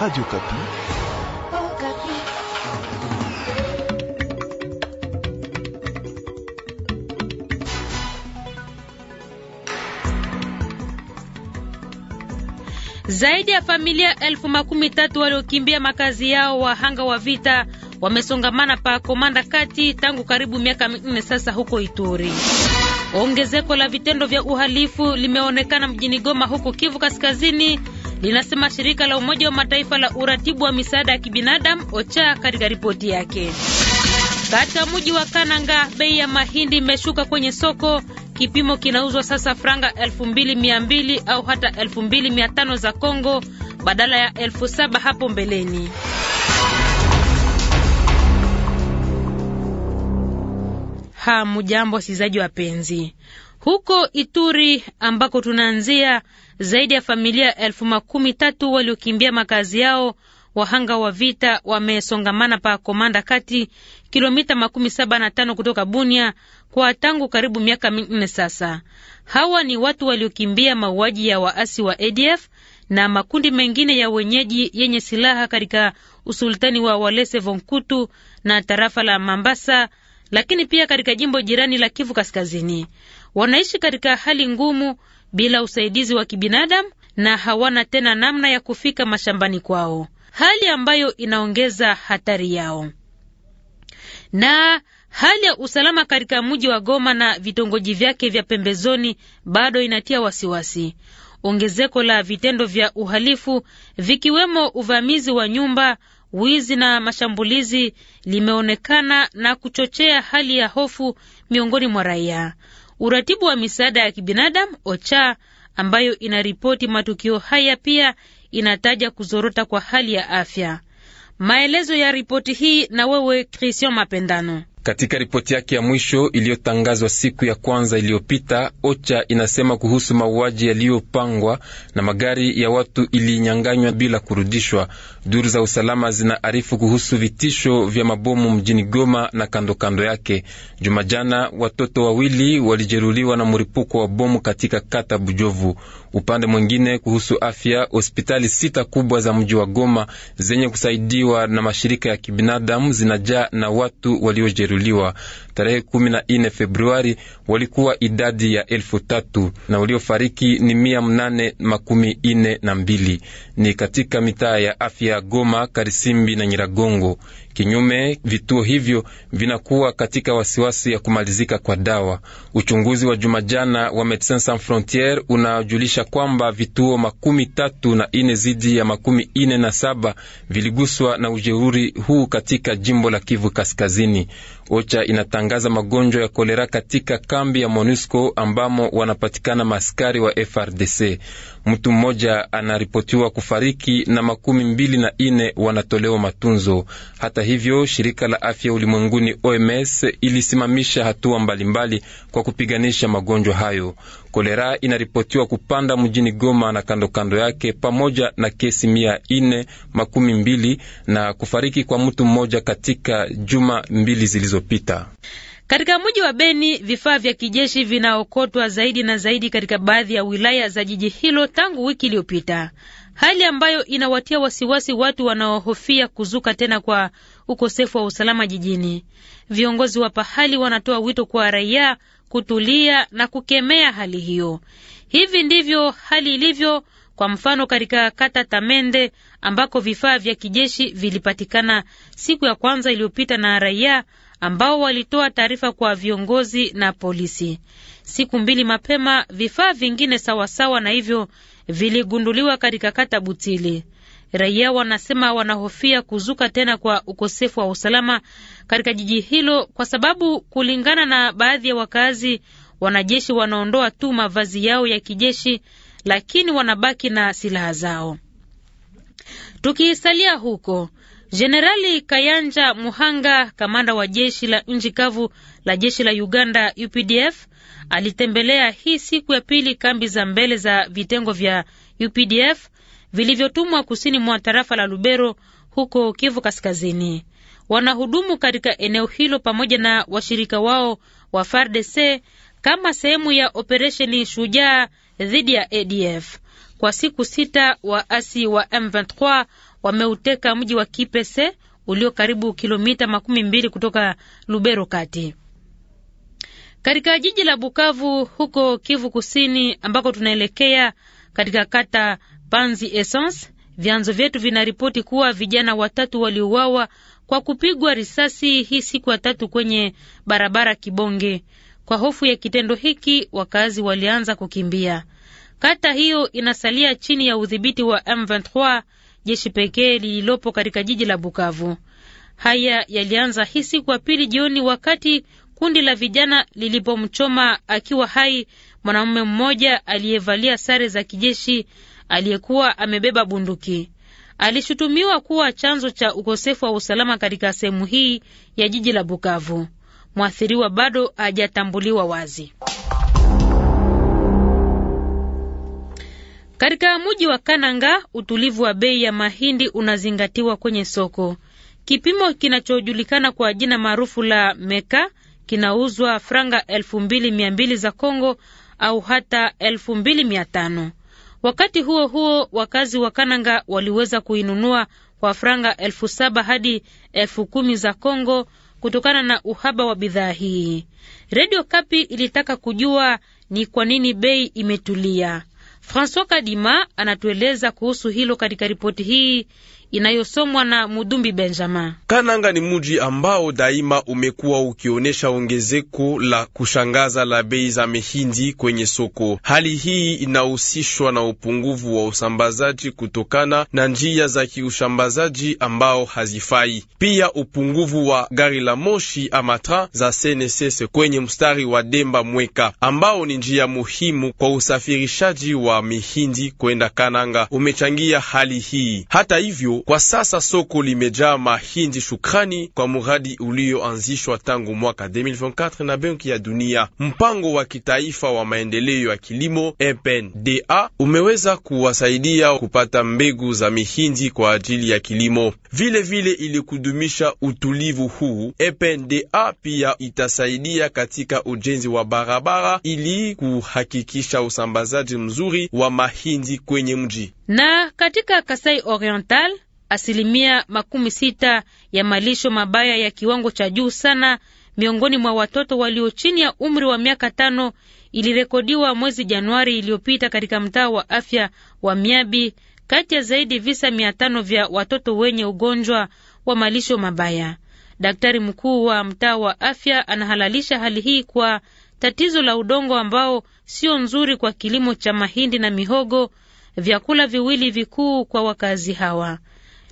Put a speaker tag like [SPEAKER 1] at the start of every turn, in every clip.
[SPEAKER 1] Radio Kapi. Oh,
[SPEAKER 2] Kapi.
[SPEAKER 3] Zaidi ya familia elfu makumi tatu waliokimbia makazi yao wahanga wa vita wamesongamana pa Komanda Kati tangu karibu miaka minne sasa huko Ituri. Ongezeko la vitendo vya uhalifu limeonekana mjini Goma huko Kivu Kaskazini linasema shirika la Umoja wa Mataifa la uratibu wa misaada ya kibinadamu OCHA katika ripoti yake. Katika mji wa Kananga bei ya mahindi imeshuka kwenye soko. Kipimo kinauzwa sasa franga 2200 au hata 2500 za Kongo badala ya 7000 hapo mbeleni. Hamujambo wasikilizaji wapenzi, huko Ituri ambako tunaanzia zaidi ya familia elfu makumi tatu waliokimbia makazi yao wahanga wa vita wamesongamana pa Komanda kati kilomita makumi saba na tano kutoka Bunia kwa tangu karibu miaka minne sasa. Hawa ni watu waliokimbia mauaji ya waasi wa ADF na makundi mengine ya wenyeji yenye silaha katika usultani wa Walese Vonkutu na tarafa la Mambasa, lakini pia katika jimbo jirani la Kivu Kaskazini. Wanaishi katika hali ngumu bila usaidizi wa kibinadamu na hawana tena namna ya kufika mashambani kwao, hali ambayo inaongeza hatari yao. Na hali ya usalama katika mji wa Goma na vitongoji vyake vya pembezoni bado inatia wasiwasi. Ongezeko la vitendo vya uhalifu vikiwemo uvamizi wa nyumba, wizi na mashambulizi limeonekana na kuchochea hali ya hofu miongoni mwa raia. Uratibu wa misaada ya kibinadamu OCHA ambayo inaripoti matukio haya pia inataja kuzorota kwa hali ya afya. Maelezo ya ripoti hii na wewe Christian Mapendano.
[SPEAKER 2] Katika ripoti yake ya mwisho iliyotangazwa siku ya kwanza iliyopita, OCHA inasema kuhusu mauaji yaliyopangwa na magari ya watu ilinyanganywa bila kurudishwa. Duru za usalama zinaarifu kuhusu vitisho vya mabomu mjini Goma na kandokando kando yake. Jumajana watoto wawili walijeruliwa na mlipuko wa bomu katika kata Bujovu. Upande mwingine, kuhusu afya, hospitali sita kubwa za mji wa Goma zenye kusaidiwa na mashirika ya kibinadamu zinajaa na watu waliojeruliwa tarehe 14 Februari walikuwa idadi ya elfu tatu na waliofariki ni mia mnane makumi ine na mbili. Ni katika mitaa ya afya ya Goma, Karisimbi na Nyiragongo. Kinyume, vituo hivyo vinakuwa katika wasiwasi ya kumalizika kwa dawa. Uchunguzi wa jumajana wa Medecins Sans Frontieres unajulisha kwamba vituo makumi tatu na ine zidi ya makumi ine na saba viliguswa na ujeuri huu katika jimbo la Kivu Kaskazini. OCHA inatangaza magonjwa ya kolera katika kambi ya MONUSCO ambamo wanapatikana maskari wa FRDC mtu mmoja anaripotiwa kufariki na makumi mbili na ine wanatolewa matunzo. Hata hivyo, shirika la afya ulimwenguni OMS ilisimamisha hatua mbalimbali mbali kwa kupiganisha magonjwa hayo. Kolera inaripotiwa kupanda mjini Goma na kandokando kando yake pamoja na kesi mia ine makumi mbili na kufariki kwa mtu mmoja katika juma mbili zilizopita.
[SPEAKER 3] Katika mji wa Beni vifaa vya kijeshi vinaokotwa zaidi na zaidi katika baadhi ya wilaya za jiji hilo tangu wiki iliyopita, hali ambayo inawatia wasiwasi watu wanaohofia kuzuka tena kwa ukosefu wa usalama jijini. Viongozi wa pahali wanatoa wito kwa raia kutulia na kukemea hali hiyo. Hivi ndivyo hali ilivyo, kwa mfano katika kata Tamende ambako vifaa vya kijeshi vilipatikana siku ya kwanza iliyopita na raia ambao walitoa taarifa kwa viongozi na polisi. Siku mbili mapema, vifaa vingine sawasawa na hivyo viligunduliwa katika kata Butili. Raia wanasema wanahofia kuzuka tena kwa ukosefu wa usalama katika jiji hilo, kwa sababu kulingana na baadhi ya wakazi, wanajeshi wanaondoa tu mavazi yao ya kijeshi, lakini wanabaki na silaha zao. Tukisalia huko Jenerali Kayanja Muhanga, kamanda wa jeshi la nchi kavu la jeshi la Uganda UPDF, alitembelea hii siku ya pili kambi za mbele za vitengo vya UPDF vilivyotumwa kusini mwa tarafa la Lubero huko Kivu Kaskazini. Wanahudumu katika eneo hilo pamoja na washirika wao wa FARDC kama sehemu ya operesheni Shujaa dhidi ya ADF. Kwa siku sita, waasi wa M23 wameuteka mji wa Kipese ulio karibu kilomita makumi mbili kutoka Lubero kati katika jiji la Bukavu huko Kivu Kusini ambako tunaelekea katika kata Panzi Essence. Vyanzo vyetu vinaripoti kuwa vijana watatu waliuawa kwa kupigwa risasi hii siku ya tatu kwenye barabara Kibonge. Kwa hofu ya kitendo hiki, wakazi walianza kukimbia. Kata hiyo inasalia chini ya udhibiti wa M23 jeshi pekee lililopo katika jiji la Bukavu. Haya yalianza hii siku ya pili jioni, wakati kundi la vijana lilipomchoma akiwa hai mwanamume mmoja aliyevalia sare za kijeshi aliyekuwa amebeba bunduki. Alishutumiwa kuwa chanzo cha ukosefu wa usalama katika sehemu hii ya jiji la Bukavu. Mwathiriwa bado hajatambuliwa wazi. Katika mji wa Kananga, utulivu wa bei ya mahindi unazingatiwa kwenye soko. Kipimo kinachojulikana kwa jina maarufu la meka kinauzwa franga 22 za Kongo au hata elfu Wakati huo huo, wakazi wa Kananga waliweza kuinunua kwa franga 7 hadi 1 za Kongo kutokana na uhaba wa bidhaa hii. Redio Kapi ilitaka kujua ni kwa nini bei imetulia. Francois Kadima anatueleza kuhusu hilo katika ripoti hii inayosomwa na Mudumbi Benjamin.
[SPEAKER 4] Kananga ni muji ambao daima umekuwa ukionyesha ongezeko la kushangaza la bei za mihindi kwenye soko. Hali hii inahusishwa na upunguvu wa usambazaji kutokana na njia za kiushambazaji ambao hazifai, pia upunguvu wa gari la moshi ama tra za SNCC kwenye mstari wa Demba Mweka ambao ni njia muhimu kwa usafirishaji wa mihindi kwenda Kananga umechangia hali hii. Hata hivyo kwa sasa soko limejaa mahindi shukrani kwa muradi ulioanzishwa tangu mwaka 2024 na Benki ya Dunia. Mpango wa kitaifa wa maendeleo ya kilimo EPNDA umeweza kuwasaidia kupata mbegu za mihindi kwa ajili ya kilimo. Vile vile, ili kudumisha utulivu huu, MPNDA e pia itasaidia katika ujenzi wa barabara ili kuhakikisha usambazaji mzuri wa mahindi kwenye mji.
[SPEAKER 3] Na katika Kasai Oriental asilimia makumi sita ya malisho mabaya ya kiwango cha juu sana miongoni mwa watoto walio chini ya umri wa miaka tano ilirekodiwa mwezi Januari iliyopita katika mtaa wa afya wa Miabi, kati ya zaidi visa mia tano vya watoto wenye ugonjwa wa malisho mabaya. Daktari mkuu wa mtaa wa afya anahalalisha hali hii kwa tatizo la udongo ambao sio nzuri kwa kilimo cha mahindi na mihogo, vyakula viwili vikuu kwa wakazi hawa.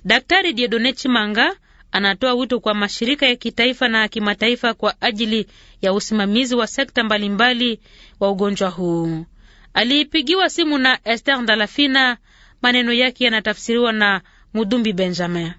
[SPEAKER 3] Daktari Diedone Chimanga anatoa wito kwa mashirika ya kitaifa na kimataifa kwa ajili ya usimamizi wa sekta mbalimbali wa ugonjwa huu. Aliipigiwa simu na Esther Ndalafina, maneno yake yanatafsiriwa na Mudumbi Benjamin.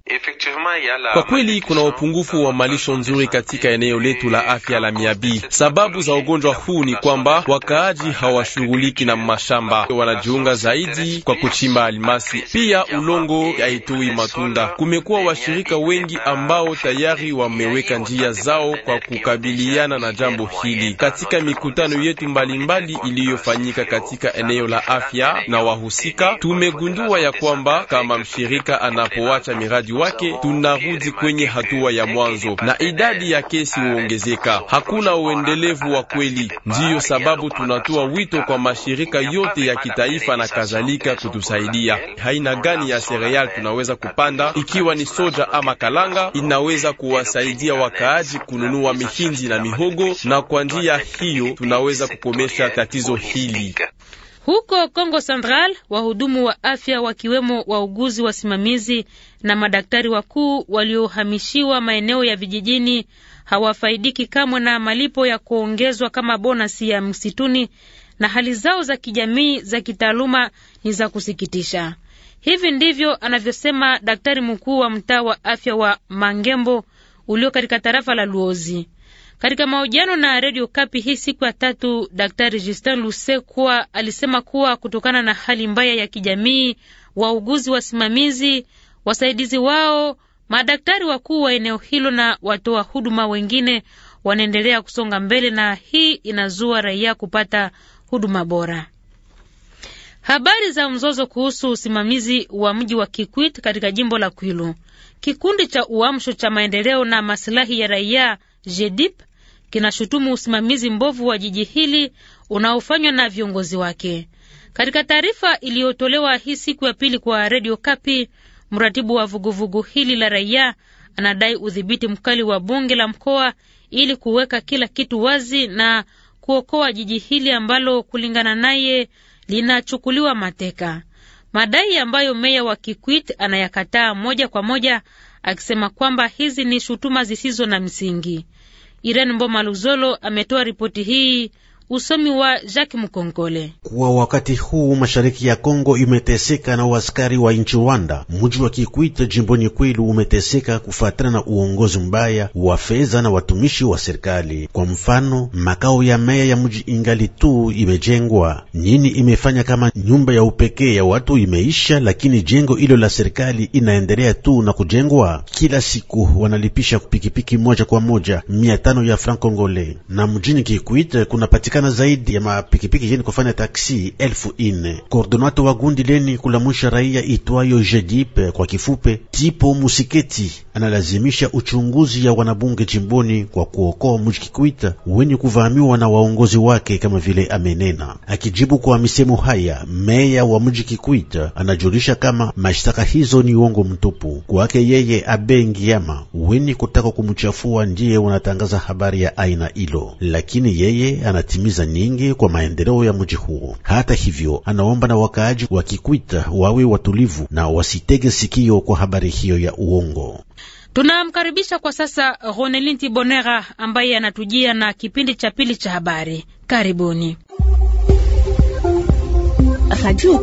[SPEAKER 1] Kwa
[SPEAKER 4] kweli kuna upungufu wa malisho nzuri katika eneo letu la afya la Miabi. Sababu za ugonjwa huu ni kwamba wakaaji hawashughuliki na mashamba, wanajiunga zaidi kwa kuchimba almasi. Pia ulongo haitoi matunda. Kumekuwa washirika wengi ambao tayari wameweka njia zao kwa kukabiliana na jambo hili katika mikutano yetu mbalimbali iliyofanyika katika eneo la afya na wahusika. Tumegundua ya kwamba kama mshirika anapoacha miradi wake, tunarudi kwenye hatua ya mwanzo na idadi ya kesi huongezeka. Hakuna uendelevu wa kweli. Ndiyo sababu tunatoa wito kwa mashirika yote ya kitaifa na kadhalika kutusaidia. Haina gani ya sereal tunaweza kupanda, ikiwa ni soja ama kalanga, inaweza kuwasaidia wakaaji kununua mihindi na mihogo, na kwa njia hiyo tunaweza kukomesha tatizo
[SPEAKER 1] hili.
[SPEAKER 3] Huko Kongo Central, wahudumu wa afya wakiwemo wauguzi wasimamizi na madaktari wakuu waliohamishiwa maeneo ya vijijini hawafaidiki kamwe na malipo ya kuongezwa kama bonasi ya msituni na hali zao za kijamii za kitaaluma ni za kusikitisha. Hivi ndivyo anavyosema daktari mkuu wa mtaa wa afya wa Mangembo ulio katika tarafa la Luozi. Katika mahojiano na Radio Kapi hii siku ya tatu, Daktari Justin Lusekwa alisema kuwa kutokana na hali mbaya ya kijamii, wauguzi wasimamizi, wasaidizi wao, madaktari wakuu wa eneo hilo na watoa huduma wengine wanaendelea kusonga mbele, na hii inazua raia kupata huduma bora. Habari za mzozo kuhusu usimamizi wa mji wa Kikwit katika jimbo la Kwilu. Kikundi cha Uamsho cha Maendeleo na Masilahi ya Raia, JEDIP, kinashutumu usimamizi mbovu wa jiji hili unaofanywa na viongozi wake. Katika taarifa iliyotolewa hii siku ya pili kwa redio Kapi, mratibu wa vuguvugu hili la raia anadai udhibiti mkali wa bunge la mkoa ili kuweka kila kitu wazi na kuokoa jiji hili ambalo kulingana naye linachukuliwa mateka, madai ambayo meya wa Kikwit anayakataa moja kwa moja akisema kwamba hizi ni shutuma zisizo na msingi. Irene Mboma Luzolo ametoa ripoti hii Usomi wa Jacques Mkongole.
[SPEAKER 1] Kwa wakati huu mashariki ya Kongo imeteseka na waskari wa nchi Rwanda. Mji wa Kikwit jimboni Kwilu umeteseka kufuatana na uongozi mbaya wa fedha na watumishi wa serikali. Kwa mfano, makao ya meya ya mji ingali tu imejengwa. Nini imefanya kama nyumba ya upekee ya watu imeisha, lakini jengo hilo la serikali inaendelea tu na kujengwa. Kila siku wanalipisha pikipiki moja kwa moja mia tano ya franc congolais, na mjini Kikwit kunapatikana kupatikana zaidi ya mapikipiki jeni kufanya taksi elfu ine. Koordinato wa gundi leni kulamusha raia itwayo Jedipe kwa kifupe Tipo Musiketi analazimisha uchunguzi ya wanabunge jimboni kwa kuokoa mji Kikwita wenye kuvamiwa na waongozi wake, kama vile amenena. Akijibu kwa misemo haya, meya wa mji Kikwita anajulisha kama mashtaka hizo ni uongo mtupu. Kwake yeye, Abengiama wenye kutaka kumchafua ndiye wanatangaza habari ya aina ilo lakini yeye anatimia anatimiza nyingi kwa maendeleo ya mji huo. Hata hivyo, anaomba na wakaaji wa Kikwita wawe watulivu na wasitege sikio kwa habari hiyo ya uongo.
[SPEAKER 3] Tunamkaribisha kwa sasa ronelinti bonera ambaye anatujia na kipindi cha pili cha habari. Karibuni
[SPEAKER 5] Radio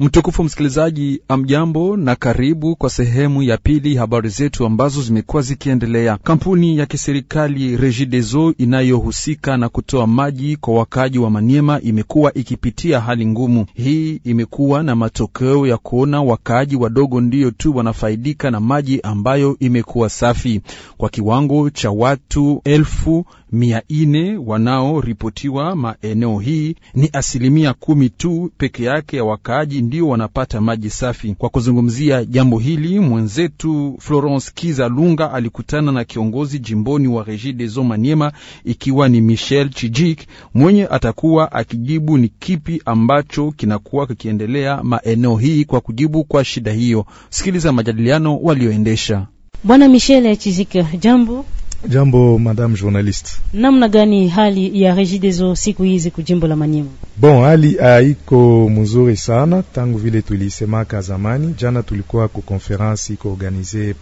[SPEAKER 6] Mtukufu msikilizaji, amjambo na karibu kwa sehemu ya pili habari zetu ambazo zimekuwa zikiendelea. Kampuni ya kiserikali Regideso inayohusika na kutoa maji kwa wakaaji wa Maniema imekuwa ikipitia hali ngumu. Hii imekuwa na matokeo ya kuona wakaaji wadogo ndiyo tu wanafaidika na maji ambayo imekuwa safi kwa kiwango cha watu elfu mia nne wanaoripotiwa maeneo hii ni asilimia kumi tu peke yake ya wakaaji ndio wanapata maji safi. Kwa kuzungumzia jambo hili, mwenzetu Florence Kiza Lunga alikutana na kiongozi jimboni wa Regideso Maniema, ikiwa ni Michel Chijik, mwenye atakuwa akijibu ni kipi ambacho kinakuwa kikiendelea maeneo hii kwa kujibu kwa shida hiyo. Sikiliza
[SPEAKER 7] majadiliano walioendesha.
[SPEAKER 5] Bwana Michel Chijik, jambo
[SPEAKER 7] Jambo madame journaliste.
[SPEAKER 5] Namna gani hali ya Regideso siku hizi kujimbo la Maniema?
[SPEAKER 7] Bon, hali haiko mzuri sana tangu vile tulisemaka zamani. Jana tulikuwa ku conference iko organize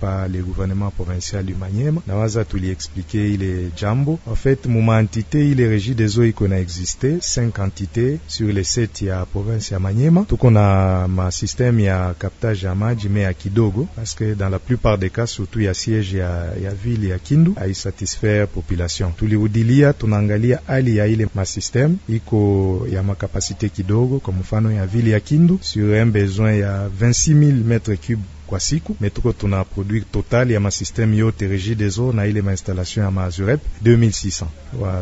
[SPEAKER 7] ...par le gouvernement provincial du Maniema, na waza tuliexplique ile jambo. En fait, muma entité ile Regideso iko na existe 5 entités sur les 7 ya province ya Maniema. Tuko na ma système ya captage ya maji mais ya kidogo, parce que dans la plupart des cas surtout ya siège ya, ya ville ya Kindu satisfaire la population. Tuliudilia tunaangalia hali ya ile masysteme iko ya makapasite kidogo, kwa mfano ya vile ya Kindu sur un besoin 26 ya 26000 3 mais kwa siku metuko tuna produit total ya masysteme yote des eaux na ile mainstallation ya mazurep 2600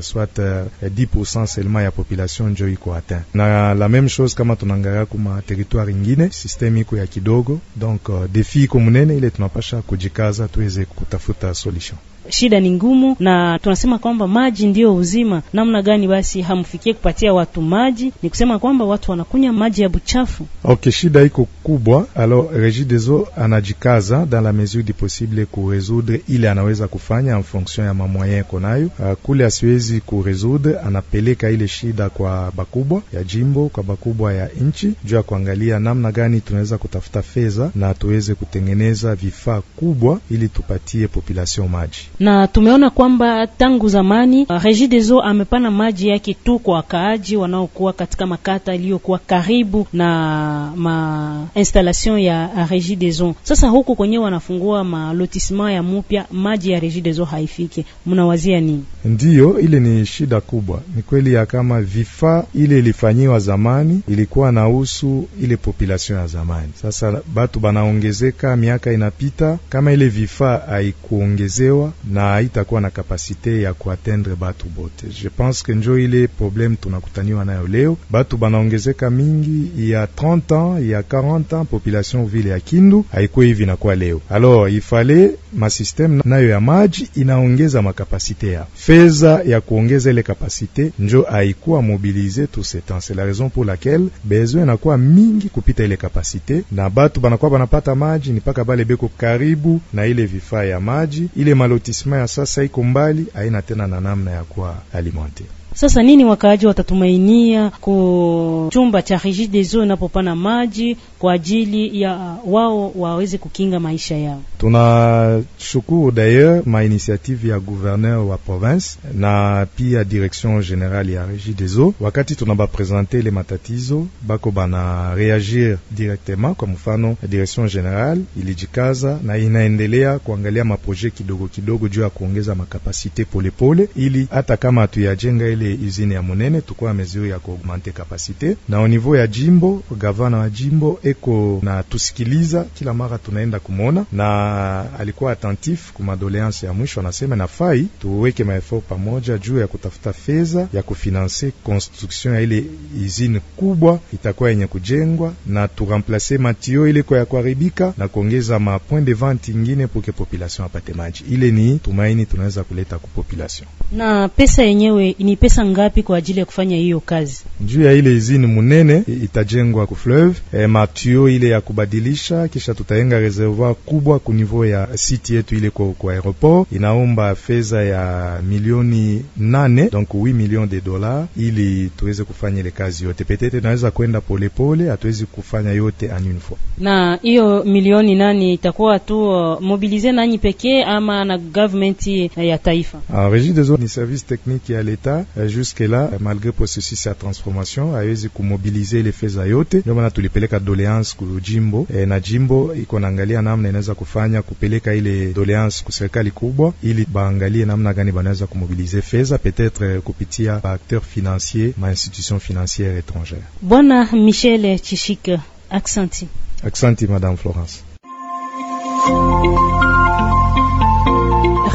[SPEAKER 7] soit 10% euh, seulement ya population njo iko atteint, na la même chose kama tunangalia kuma territoire ingine systeme iko ya kidogo, donc uh, defi iko munene, ile tunapasha kujikaza tuweze kutafuta solution.
[SPEAKER 5] shida ni ngumu, na tunasema kwamba maji ndiyo uzima. Namna gani basi hamfikie kupatia watu maji? Ni kusema kwamba watu wanakunywa maji ya buchafu.
[SPEAKER 7] Okay, shida iko kubwa. Alors Regideso anajikaza dans la mesure du possible kuresoudre ile anaweza kufanya en fonction ya mamoyen nayo. Uh, kule asiwezi kuresoudre, anapeleka ile shida kwa bakubwa ya jimbo, kwa bakubwa ya nchi, juu ya kuangalia namna gani tunaweza kutafuta fedha na tuweze kutengeneza vifaa kubwa ili tupatie population maji
[SPEAKER 5] na tumeona kwamba tangu zamani uh, Regideso amepana maji yake tu kwa wakaaji wanaokuwa katika makata iliyokuwa karibu na ma installation ya Regideso. Sasa huku kwenye wanafungua malotisma ya mupya, maji ya Regideso haifiki mnawazia nini?
[SPEAKER 7] Ndiyo, ile ni shida kubwa. Ni kweli ya kama vifaa ile ilifanyiwa zamani ilikuwa na usu ile population ya zamani. Sasa batu banaongezeka, miaka inapita, kama ile vifaa haikuongezewa na haitakuwa na kapasite ya kuatendre batu bote. Je pense que njo ile probleme tunakutaniwa nayo leo, batu banaongezeka mingi ya 30 ans ya 40 ans, population ville ya Kindu haikuwa hivi kwa leo. Alors ifale masysteme nayo ya maji inaongeza makapasite ya feza ya kuongeza ile kapasite, njo haikuwa mobilize tout ce temps. C'est la raison pour laquelle besoin inakuwa mingi kupita ile kapasite, na batu banakuwa banapata maji ni paka bale beko karibu na ile vifaa ya maji ile maloti alimantema ya sasa iko mbali, haina tena na namna ya kuwa alimente
[SPEAKER 5] Sasa nini wakaaji watatumainia ku chumba cha Regideso inapopana maji kwa ajili ya uh, wao waweze kukinga maisha yao.
[SPEAKER 7] Tunashukuru d'ailleurs ma initiative ya gouverneur wa province na pia direction generale ya regie des eaux, wakati tunabaprezente ile matatizo bako bana reagir directement. Kwa mfano, direction generale ilijikaza na inaendelea kuangalia maproje kidogo kidogo juu ya kuongeza makapasite polepole, ili hata kama hatuyajenga ile usine ya munene, tukuwa mezuri ya kuaugmente kapasite na au niveau ya jimbo, gavana wa jimbo eko na tusikiliza kila mara tunaenda kumwona, na alikuwa attentif kumadoleanse ya mwisho. Anasema nafai tuweke maefort pamoja juu ya kutafuta fedha ya kufinanse construction ya ile usine kubwa itakuwa yenye kujengwa, na turamplase matio ile kwa ya kuharibika na kuongeza ma point de vente ingine poke population apate maji. Ile ni tumaini tunaweza kuleta ku population.
[SPEAKER 5] Na pesa yenyewe ni pesa ngapi kwa ajili ya kufanya hiyo kazi
[SPEAKER 7] juu ya ile usine munene itajengwa ku fleuve eh, tuyau ile ya kubadilisha, kisha tutaenga reservoir kubwa kunivou ya site yetu ile kwa, kwa aeroport inaomba fedha ya milioni nane donc 8 millions de dollars ili tuweze kufanya ile kazi yote. Petete naweza kwenda polepole, hatuwezi kufanya yote en une fois.
[SPEAKER 5] Na hiyo milioni nane itakuwa tu uh, nani pekee ama na government ya taifa?
[SPEAKER 7] Ah, Regie des eaux ni service technique ya l'etat euh, jusque là, malgré processus ya transformation haiwezi kumobiliser ile fedha yote, ndio maana tulipeleka dole doleance jimbo e, na jimbo iko naangalia namna inaweza kufanya kupeleka ile doleance kuserikali kubwa, ili baangalie namna gani banaweza kumobilize fedha peut être eh, kupitia baacteur financier ma institution financière étrangère.
[SPEAKER 5] Bwana Michel Chishike, aksanti.
[SPEAKER 7] Aksanti Madame Florence.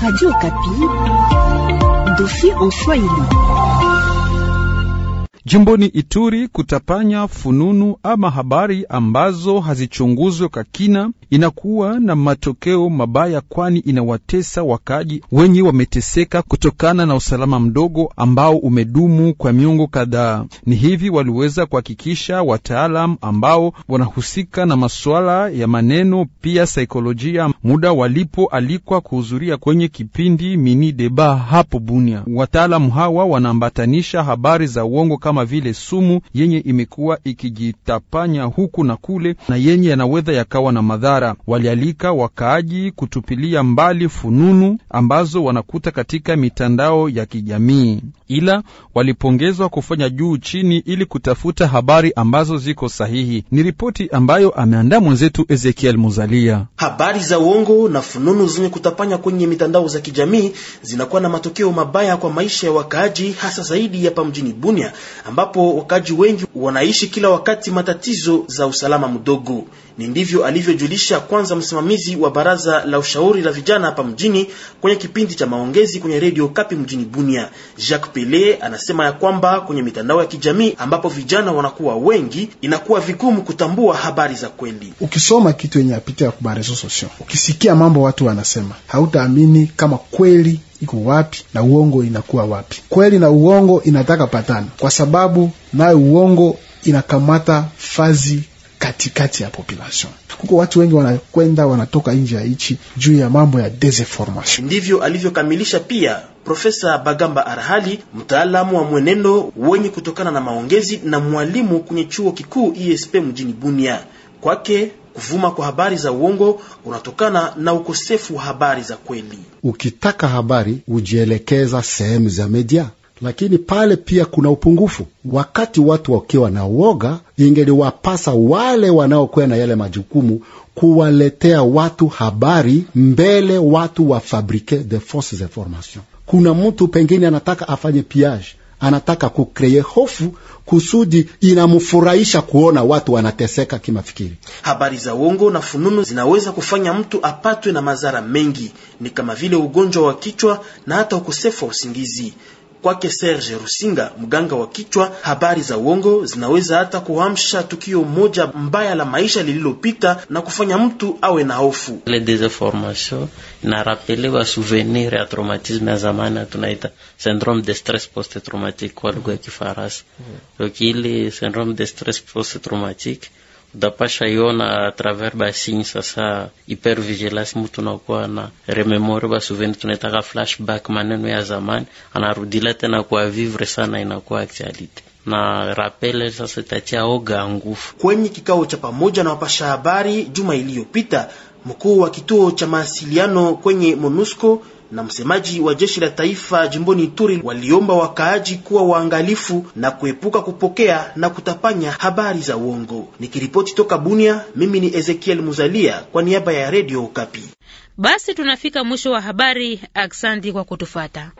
[SPEAKER 5] Radio Kapi, dossier en Swahili.
[SPEAKER 6] Jimboni Ituri kutapanya fununu ama habari ambazo hazichunguzwe kwa kina inakuwa na matokeo mabaya, kwani inawatesa wakaji wenye wameteseka kutokana na usalama mdogo ambao umedumu kwa miongo kadhaa. Ni hivi waliweza kuhakikisha wataalam ambao wanahusika na masuala ya maneno pia saikolojia, muda walipoalikwa kuhudhuria kwenye kipindi mini deba hapo Bunia. Wataalamu hawa wanaambatanisha habari za uongo kama kama vile sumu yenye imekuwa ikijitapanya huku na kule na yenye yanaweza yakawa na madhara. Walialika wakaaji kutupilia mbali fununu ambazo wanakuta katika mitandao ya kijamii, ila walipongezwa kufanya juu chini ili kutafuta habari ambazo ziko sahihi. Ni ripoti ambayo ameandaa mwenzetu Ezekiel Muzalia.
[SPEAKER 8] Habari za uongo na fununu zenye kutapanya kwenye mitandao za kijamii zinakuwa na matokeo mabaya kwa maisha ya wakaaji, hasa zaidi hapa mjini Bunia ambapo wakaji wengi wanaishi kila wakati matatizo za usalama mdogo. Ni ndivyo alivyojulisha kwanza msimamizi wa baraza la ushauri la vijana hapa mjini kwenye kipindi cha maongezi kwenye redio Kapi mjini Bunia. Jacques Pele anasema ya kwamba kwenye mitandao ya kijamii ambapo vijana wanakuwa wengi, inakuwa vigumu kutambua habari za kweli. Ukisoma kitu yenye apita ya kubarezo sosio, ukisikia mambo watu wanasema, hautaamini kama kweli iko wapi na uongo inakuwa wapi? Kweli na uongo inataka patana, kwa sababu nayo uongo inakamata fazi katikati ya population kuko watu wengi wanakwenda wanatoka nje ya nchi juu ya mambo ya desinformation. Ndivyo alivyokamilisha pia Profesa Bagamba Arhali, mtaalamu wa mwenendo wenye kutokana na maongezi na mwalimu kwenye chuo kikuu ISP e mjini Bunia. Kwake Kuvuma kwa habari za uongo kunatokana na ukosefu wa habari za kweli. Ukitaka habari hujielekeza sehemu za media, lakini pale pia kuna upungufu. Wakati watu wakiwa na uoga, ingeliwapasa wale wanaokuwa na yale majukumu kuwaletea watu habari mbele watu wafabrike de fausses informations. Kuna mtu pengine anataka afanye piage anataka kukreye hofu kusudi inamfurahisha kuona watu wanateseka kimafikiri. Habari za uongo na fununu zinaweza kufanya mtu apatwe na madhara mengi, ni kama vile ugonjwa wa kichwa na hata ukosefu wa usingizi. Kwake Serge Rusinga, mganga wa kichwa, habari za uongo zinaweza hata kuamsha tukio moja mbaya la maisha lililopita na kufanya mtu awe na hofu. Ile desinformation inarapelewa souvenir ya traumatisme ya zamani, tunaita syndrome de stress post traumatique kwa lugha ya Kifaransa. Mm. Ile syndrome de stress post traumatique Dapasha iona a travers basinyi sasa, hypervigilance, mutu nakuwa na rememore basuveni, tunaitaka flashback, maneno ya zamani anarudila tena kwa vivre sana, inakuwa actuality na rapele sasa itatia oga nguvu. Kwenye kikao cha pamoja na wapasha habari juma iliyopita, mkuu wa kituo cha mawasiliano kwenye MONUSCO na msemaji wa jeshi la taifa jimboni Ituri waliomba wakaaji kuwa waangalifu na kuepuka kupokea na kutapanya habari za uongo. Nikiripoti toka Bunia, mimi ni Ezekiel Muzalia kwa niaba ya Radio Okapi.
[SPEAKER 3] Basi tunafika mwisho wa habari. Aksandi kwa kutufata.